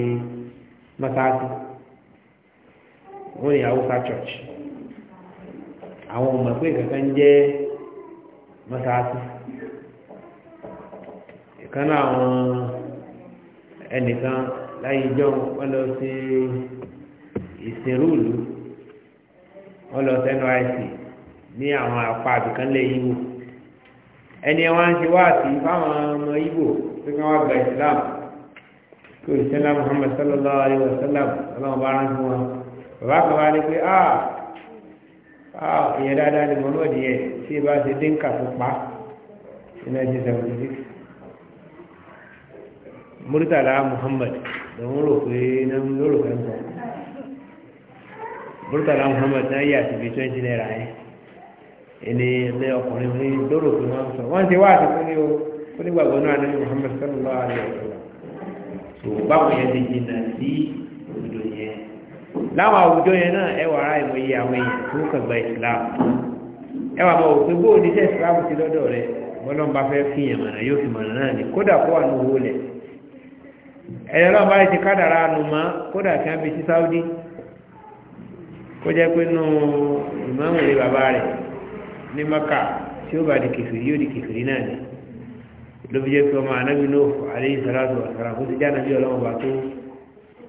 mọ́sáàsì wọn lè haúsá chọ́ọ̀chì àwọn ọmọ pé ẹnìkan láyé jọ wọn lọ sí ìsìnrúùlù wọn lọ sí nyc ní àwọn apá àbìkan lè yíwò ẹni ẹ wọn ti wá àti fáwọn ọmọ Ìgbò pé kí wọn gba ìsìlámù kí olùsẹ́lá Muhammad sallallahu alayhi wa sallam ọlọ́run bá rántí wọn bàbá kan wá ní pé a ìyẹn dáadáa ni Muhammad yẹ tí ì ṣe dínkà tó pa ní 1976. Murtala Muhammad lòun rò pé ló rò pé ń bọ̀ Murtala Muhammad náà yà sí ibi twenty naira yẹn ẹni ẹni ọkùnrin ní lóró pé wọ́n sọ wọ́n ti wá àtúntò ní o ó nígbàgbọ́ náà ní Muhammad sallallahu alaihi wasallam tó báwọn yẹn ti jìnnà sí òdodo yẹn láwọn àwùjọ yẹn náà ẹ wà ara ìmọ̀ iye àwọn èèyàn tó kàn gba Islam ẹ wà mọ̀ òpin bóòdì sẹ́ Islam ti lọ́dọ̀ rẹ bọ́lọ́mbà fẹ́ fi yàn mọ̀nà yóò fi mọ̀nà náà ní kódà kó wà ní owó lẹ̀ ẹ̀yọ́ náà bá ti kádàrá nù mọ́ kódà kí wọ́n fi sí Saudi kó jẹ́ pé nù ìmáàmù lé bàbá rẹ̀ ní Maka tí ó bá di kẹfìrí yóò di kẹfìrí náà ni ló fi jẹ́ pé ọmọ anábì Nuh alayhi salatu wa salam kó ti já anábì ọlọ́wọ́ bá tó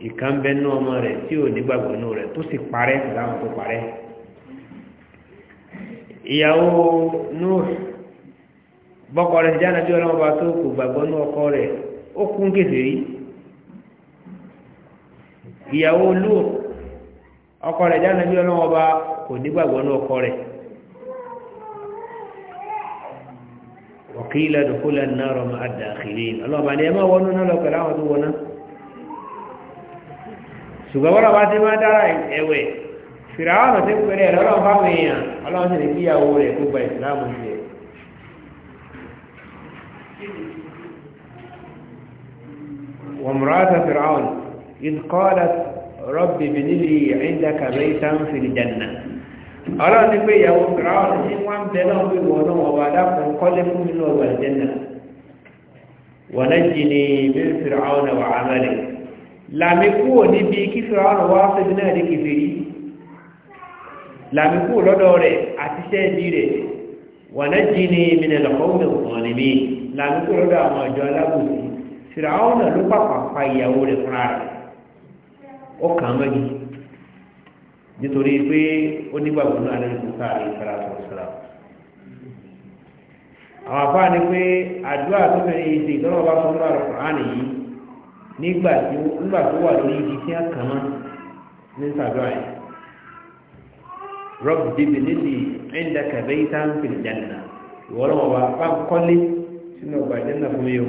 ìkànbẹ́ nù ọmọ rẹ̀ tí ò nígbàgbọ́ nù rẹ̀ tó sì parẹ́ láwọn tó parẹ́ ìyàwó Nuh bọ́kọ rẹ̀ ti já anábì ọlọ́wọ́ bá tó kò gbàgbọ́ nù ọkọ rẹ̀ ó kún kẹfìrí ìyàwó lóò ọkọ rẹ̀ dáná bí ọlọ́wọ́ bá kò nígbàgbọ́ ní ọkọ rẹ̀ ọ̀kìlá dùkúlẹ̀ náà rọ̀ máa dà àkìlẹ̀ ọlọ́ọ̀bá ni ẹ máa wọnú náà lọ pẹ̀lú àwọn tó wọná ṣùgbọ́n wọ́n bá ti máa dára ẹ̀wẹ̀ fìràwọ̀n tí ń pèrè ẹ̀rọ ọlọ́run bá wọn èèyàn إذ قالت رب ابن لي عندك بيتا في الجنة ọlọ́run ní pé ìyàwó fìràwọ̀n ní wọ́n ń bẹ náà wí wọ́n náà wọ́n wà dákun kọ́lé fún mi náà wọ̀n jẹ́nà wọ́n náà jì ní bí fìràwọ̀n náà wà á mẹ́lẹ̀ làmì kúrò níbi kí fìràwọ̀n wá síbi náà ní kìfì rí làmì kúrò lọ́dọ̀ rẹ̀ àti sẹ́ẹ̀dì rẹ̀ wọ́n náà jì ní mìnà lọ́kọ́wọ́n wọ̀n ní mi làmì kúrò lọ́dọ̀ àwọn ọ̀jọ́ alábòsí fìràwọ̀n náà ló pàpà pa ìyàwó rẹ̀ fúnra rẹ̀ ó kàn án mẹ́jì nítorí pé ó nígbàgbọ́ náà lẹ́yìn tó káàrí ìfara sọ̀rọ̀ sọ̀rọ̀ àwọn afáà ni pé àdúrà tó fẹ́ yìí ṣe ìtọ́nà ọba sọ́nà àlùkùránì yìí nígbà tó wà lórí igi tí a kàn án ní sàdúrà yìí rọ́bù débi níbi ẹ̀ńdà kàbẹ́ yìí tá ń pè jàǹdà ìwọ́lọ́ ọba bá ń kọ́lé sínú ọgbà jàǹdà fún mi o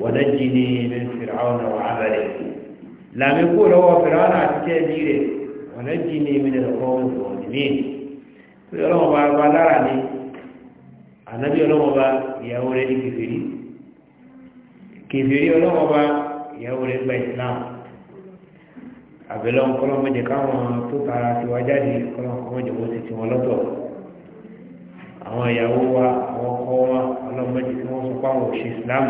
wọ́n dá jí ní mẹ́fìrì àwọn àwọn àbẹ̀rẹ̀ yìí làmì kó lọ́wọ́ fìràwọ́n àti tẹ́ẹ̀bí rẹ̀ ọ̀nà jí ní èmi nìyẹn kọ́ wọn sọ̀rọ̀ nìmí pé ọlọ́wọ́n bá bá lára ni ànábì ọlọ́wọ́n bá ìyàwó rẹ̀ ní kèfèrí kèfèrí ọlọ́wọ́n bá ìyàwó rẹ̀ gba àwọn ìyàwó wa àwọn ọkọ wa ọlọ́mọdé tí wọ́n sọ pé àwọn òṣè náà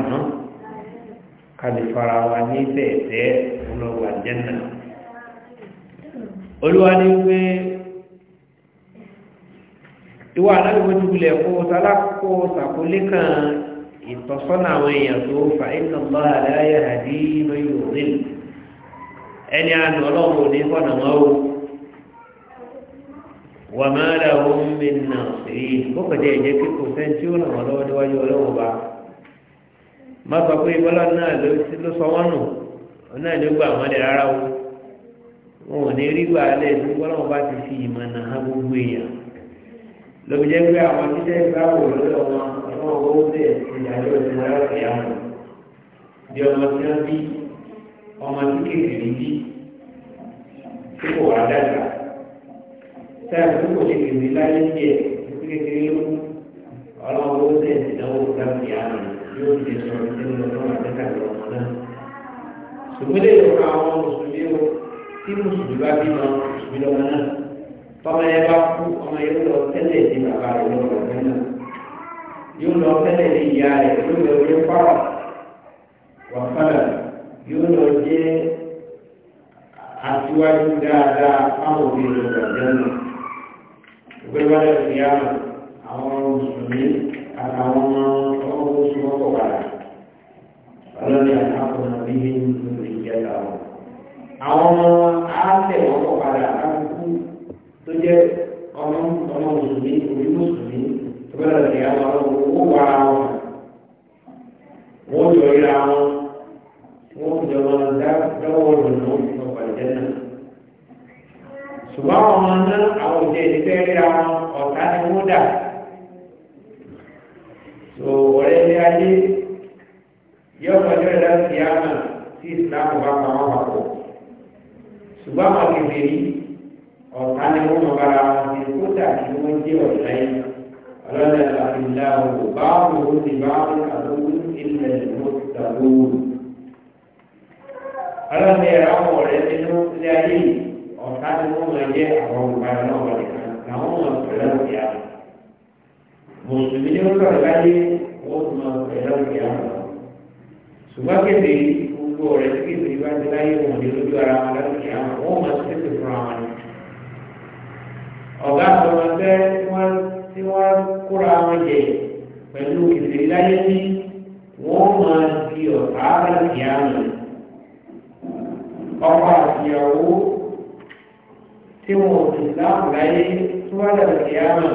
kàlè fara wa ní bẹ̀ẹ̀bẹ̀ olówó àjẹ́nà olúwa ní pé ìwà aláwọ̀ jùlẹ̀ kó sálákó sàkólé kan ìtọ́sọ́nà àwọn èèyàn tó fà iná bá aláyà àdí lóyún òdìlì ẹni àná ọlọ́run ní fọ́nà wọn o wà máa dà wọ́n mi nà sí bókòjẹ́ kíkò sẹ́ńtì ó ràn wọ́n lọ́wọ́ níwájú ọlọ́run bá má sọ pé bọ́lá náà ló sọ wọ́n nù náà ló gbà wọ́n lè rárá o wọn ò ní rí gbà lẹ̀ e tí bọ́lá wọn bá ti fi ìmọ̀ náà há gbogbo èèyàn lóbi jẹ́ pé àwọn títẹ́ ìgbàwò lórí ọmọ ti owó tẹ̀ ìdájọ́ bí ọmọ tí bí ọmọ tí kékeré bí tí kò wá dàgbà tí kò kékeré láyé tí kékeré yóò fi sọ nínú ọlọ́run àtẹ́kàlẹ̀ ọmọ náà. ṣùgbọ́n lè lọ àwọn mùsùlùmí o tí mùsùlùmí bá bí ma mùsùlùmí lọ́wọ́ náà tọ́mọ yẹn bá kú ọmọ yẹn lọ tẹ́lẹ̀ ní bàbá rẹ̀ lọ́wọ́ rẹ̀ náà yóò lọ tẹ́lẹ̀ ní ìyá rẹ̀ yóò lọ yẹ fáwà wà fáwà yóò lọ jẹ́ aṣíwájú dáadáa fáwọn òbí rẹ̀ lọ́wọ́ náà. ìgbẹ́ àtàwọn ọmọ tó ṣe wọ́n kọ̀ padà ọlọ́ni àtàkùn àbí nínú ìjẹta wọn. àwọn ọmọ àátẹ̀ wọ́n kọ̀ padà lákòókò tó jẹ́ ọmọ ọmọ mùsùlùmí òbí mùsùlùmí tó bá lọ sí àwọn ọmọ owó wà náà àwọn òjẹ́ ìdíkẹ́ ríra ọ̀tá ni wọ́n dà so ọ̀rẹ́ ní ayé yọ ọjọ́ ìdá sí àmà tí ìsìláàmù bá pa wọn papọ̀ ṣùgbọ́n àwọn kékeré ọ̀tá ni wọ́n mọ̀ bára wọn ti kó dàbí wọ́n jẹ́ ọ̀tá yìí ọlọ́dẹ àfihàn òwò bá wọn ò sì bá wọn àtọ́wọ́ ilẹ̀ ìmọ̀tàlówó ọlọ́dẹ àwọn ọ̀rẹ́ nínú ilé ayé ọ̀tá ni wọ́n mọ̀ jẹ́ àwọn olùbáyọ̀ náà wọlé kan mùsùlùmí ní ọjọ́ àgbáyé wọ́n tún máa pẹ̀ lọ́wọ́ ìyá wọn. ṣùgbọ́n kéde gbogbo ọ̀rẹ́ tí kéde bá ti láyé wọn ní lójú ara wọn lọ́wọ́ ìyá wọn wọ́n máa ti tètè fún àwọn ni. ọ̀gá àtọmọtẹ́ tí wọ́n kóra wọn jẹ pẹ̀lú ìdílé láyé ní wọ́n máa di ọ̀tá lọ́wọ́ ìyá wọn. ọkọ àtìyàwó tí wọn ò sì láàmú láyé tí wọ́n lọ́wọ́ ìyá wọn.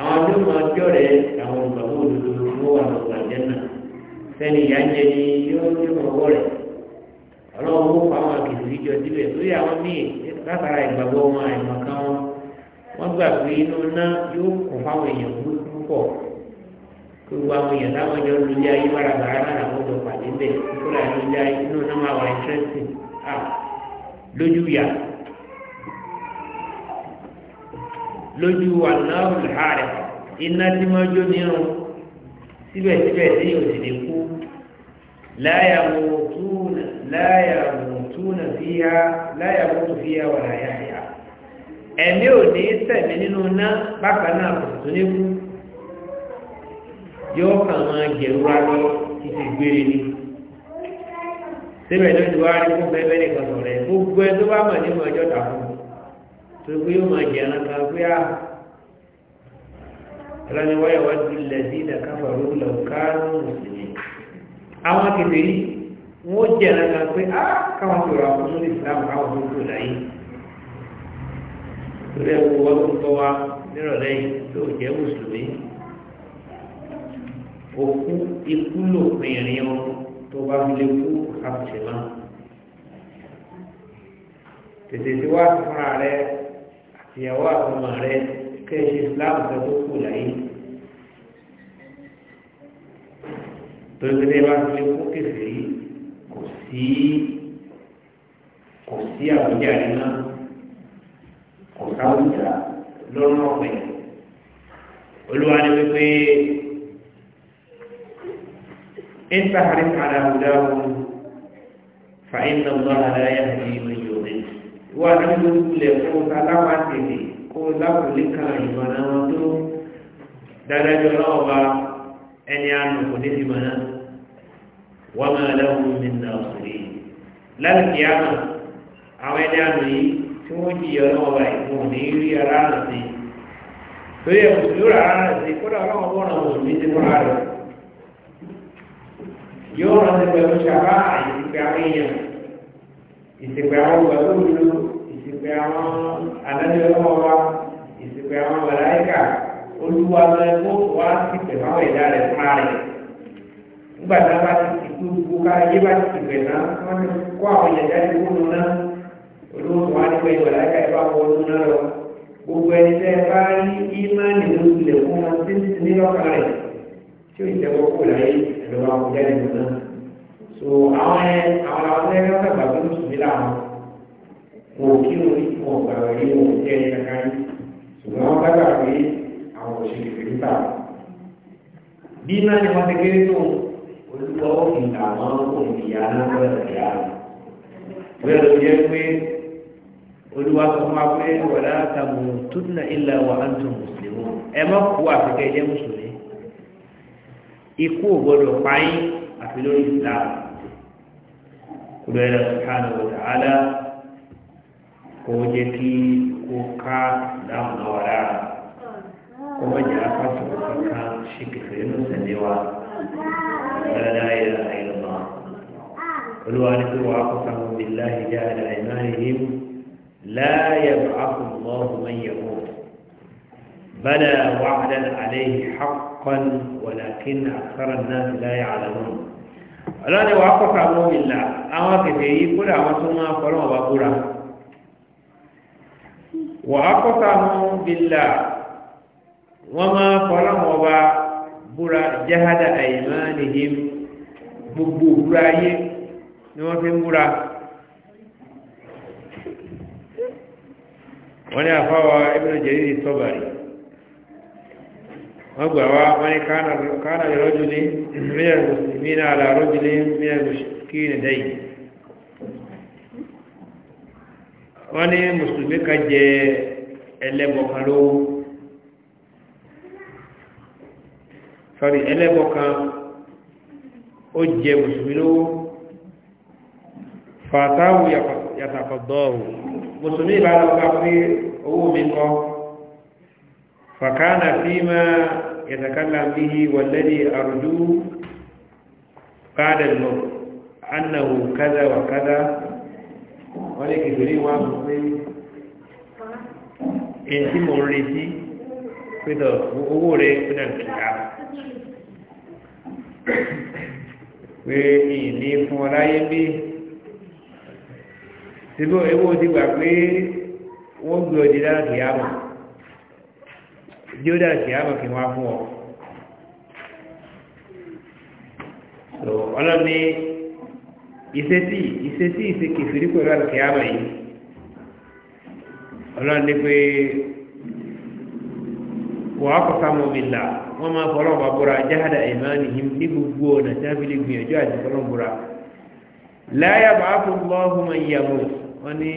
àwọn tó máa fi ọ̀rẹ́ àwọn olùgbàgbọ́ òdodo ló wà lọ gbàjẹ́ náà sẹ́ni ìyá ń jẹ ní yóò ní ọwọ́ rẹ̀ ọlọ́run ó fa àwọn àkìtì jọ síbẹ̀ lórí àwọn míì látara ìgbàgbọ́ wọn àìmọ̀kan wọn wọ́n gbà pé inú ná yóò kún fáwọn èèyàn púpọ̀ gbogbo àwọn èèyàn táwọn jọ ń lu ilé ayé bárabàrá náà làwọn jọ pàdé bẹ́ẹ̀ kókó làwọn ilé ayé inú ná máa wà interesting ah, lójú aláwọ̀ lẹ́hàrẹ̀ iná tí wọ́n jó nírun síbẹ̀síbẹ̀ tí yóò sì lè kú láyàmùtúnà fíyà wà láyàyà ẹ̀mí ò ní sẹ̀mí nínú ná bákan náà kò tó ní kú yóò kàn máa jẹ̀rúra lọ títí gbére ni síbẹ̀ lójú wa rí fún bẹ́ẹ̀ bẹ́ẹ̀ nìkan sọ̀rọ̀ ẹ̀ gbogbo ẹ tó bá mọ̀ nínú ọjọ́ tàbí torí yóò máa jẹ ẹran kan pé à ah, ẹlẹ́ni wáyà wá ju ilẹ̀ sí ìdàkàfà lóòlà káàánú mùsùlùmí àwọn akéde yìí wọ́n jẹ ẹran kan pé à ah, káwọn tó ra ọkùnrin ní Islam káwọn tó kú láyé torí ẹ̀ wọ́n wọ́n tó ń tọ́ wa nírọ̀lẹ́ yìí tó jẹ́ mùsùlùmí òkú ikú lòpin ìrìn wọn tó bá fi kú àpùsẹ̀ náà tètè tí wàá fúnra rẹ̀ ìyàwó àtọmọ rẹ kí ẹ ṣe islam kan tó kù láyé tòlùkẹ́tẹ́ bá ti kó kẹfẹ́ yìí kò sí kò sí àwùjá rẹ náà kò sáwùjá lọ́rùn ọ̀pẹ olúwa ni wípé ń tàhárí àdàmúdà wọn fa iná lọ́la láyé àti ìwé yìí wà nínú ilẹ̀ fún alábàtìlì kó lápòlé kan ìmọ̀nà wọn tó dáadájọ́ náà bá ẹni àánú kò ní ti mọ̀nà wọ́n máa lẹ́hùn mi nà òṣèré láti kí á mọ̀ àwọn ẹni àánú yìí tí wọ́n jìyà náà bá ìfún ní rí ara àná sí torí ẹ̀ kò yóò rà ara sí kódà ọlọ́wọ́ bọ́ọ̀nà wọn ò ní ti kọ́ra rẹ̀ yóò rántí pẹ̀lú ṣàbá àyè ìgbà èèyàn ìsìnkú àwọn gbàdúrú ìsìnkú àwọn adájọ́ wa ìsìnkú àwọn màláìkà olúwa lẹ́nu wa ti pè fáwọn ẹ̀dá rẹ̀ fúnra rẹ̀ nígbà tá a bá ti ti kú gbogbo ká yé bá ti pè náà wọ́n ti kó àwọn ẹ̀dá ti kú nù náà olúwa tó wá nípa ìwà láìka ìfá wọnú náà lọ gbogbo ẹni tẹ́ ẹ bá rí ímánì ló tilẹ̀ fún wọn tí ń ti ní lọ́kàn rẹ̀ tí ó so àwọn ẹ àwọn àwọn ẹgbẹ́ kàgbà tó ń sùnmí làwọn kò kí wọn ní wọn gbà wọn ní wọn jẹ ẹni kankan yìí ṣùgbọ́n wọn gbàgbà pé àwọn òṣèlú fèrè bá bí náà ni wọn ti kéré tó olùkọ́ òfin àwọn òmìnira náà lọ́wọ́ ìyá rẹ̀ bẹ́ẹ̀ ló jẹ́ pé olùwà sọ fún wa pé wọ̀lá tàbí túnà ilẹ̀ wà á ń tún mùsùlùmí ẹ má kú àfikẹ́ jẹ́ mùsùlùmí ikú ò gbọdọ̀ pa yín àfi lórí ìsìlámù. kudaira subhanahu wa ta'ala kò jẹ́ kí kò ká dáhùn náà wà lára kò wọ́n jẹ́ apásùkò kankan ṣe kẹfẹ́ inú sẹ̀lẹ̀ wa lọ́dọ̀ ayé àìlọ́mọ́ olùwà ní kí wọ́n akọ́ta wọn bí láì jẹ́ àdàlẹ̀ náà yìí láyé bàákùn lọ́hùn mẹ́yẹ̀ بلى وعدا عليه حقا ولكن أكثر الناس لا يعلمون ọlọ́ni wàá kọ́kọ́ àwọn òmìnira àwọn kẹfẹ́ yìí kódà àwọn tó máa fọ́ lọ́wọ́ bá búra wàá kọ́kọ́ àwọn òmìnira wọ́n máa fọ́ lọ́wọ́ búra jáhádà àyèmá nìyí gbogbo òwúrọ̀ ayé ni wọ́n fi ń búra. wọ́n ní àfáwà ibùdó jẹ́rìí sọ́bàrì wọ́n gbà wá wọ́n ní kánà lè rọ́jú ní mílíọ̀n mùsùlùmí náà là rọ́jú ní mílíọ̀n mùsùlùmí ní dẹ́yìn wọ́n ní mùsùlùmí kan jẹ ẹlẹ́bọ̀ kan lówó sọ́rí ẹlẹ́bọ̀ ó jẹ mùsùlùmí lówó fàtàwù yàtàkọ̀dọ́rù mùsùlùmí bá lọ́gbà pé owó mi kọ́ fàkánà fíìmá يتكلم به والذي أرجوه بعد الموت أنه كذا وكذا ولكن تريد واسطين èyí mò ń retí pẹ̀tọ̀ owó rẹ̀ pẹ̀tọ̀ kìá pé ìní fún ọ láyé bí síbò ti gbà pé wọ́n gbé ọdí lára kìá jódà sí àbọ̀kí wá fún ọ ọlọ́ni ìṣesí ìṣesí ìṣekèfèrí pẹ̀lú àlùkí àbọ̀ yìí ọlọ́ni pé wàá kọ́ka mọ́ mi là wọ́n máa fọ́lọ́ wà búra jáhàdà ìmáàlì yìí ní gbogbo ọ̀nà tí wọ́n fi lè gbìyànjú àti fọ́lọ́ búra láyà bá fún lọ́hùn mọ́ ìyàwó wọ́n ní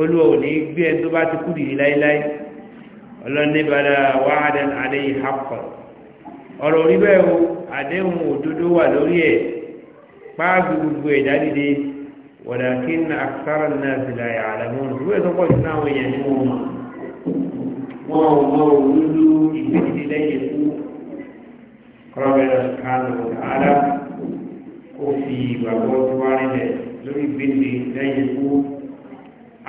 olúwa ò ní gbé ẹ tó bá ti kú dìde láéláé ọlọ́nibàdà wàhádàn àlẹ́ ìhàpọ̀ ọ̀rọ̀ orí bẹ́ẹ̀ o àdéhùn òdodo wà lórí ẹ̀ páàgì gbogbo ẹ̀dá dìde wọ̀dà kí ní àkàrà náà sì láyé àlàmọ́ ìwé tó pọ̀ jùlọ àwọn èèyàn ní wọn mọ̀ wọn ò mọ òwúlú ìgbésí lẹ́yìn ikú kọ́lọ́bẹ̀rẹ̀ kánò àdá ó fi ìgbàgbọ́ tó wá nílẹ̀ lórí ìgbésí lẹ́yìn ikú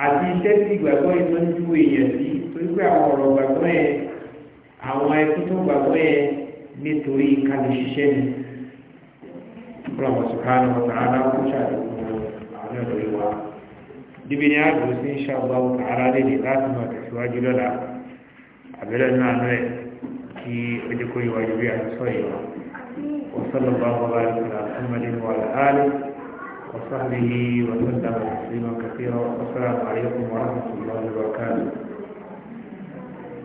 àti iṣẹ́ ìgbàgbọ́ ìtọ́jú èèyàn sí wípé àwọn ọ̀rọ̀ gbàgbọ́ yẹn àwọn ẹkú tó gbàgbọ́ yẹn nítorí kálí ṣiṣẹ́ ni ọlọ́mọ sùkánù ọ̀tàrà kó ṣàdéhùn àwọn ọ̀dọ́ ìwà níbi ni àgbò sí ń ṣàgbà ọ̀tàrà lédè láti máa tẹ̀síwájú lọ́la àbẹ̀rẹ̀ náà náà ẹ̀ kí ojúkó ìwájú bí a ti sọ ìwà وصلى الله وبارك على محمد وعلى اله وصحبه وسلم تسليما كثيرا والسلام عليكم ورحمه الله وبركاته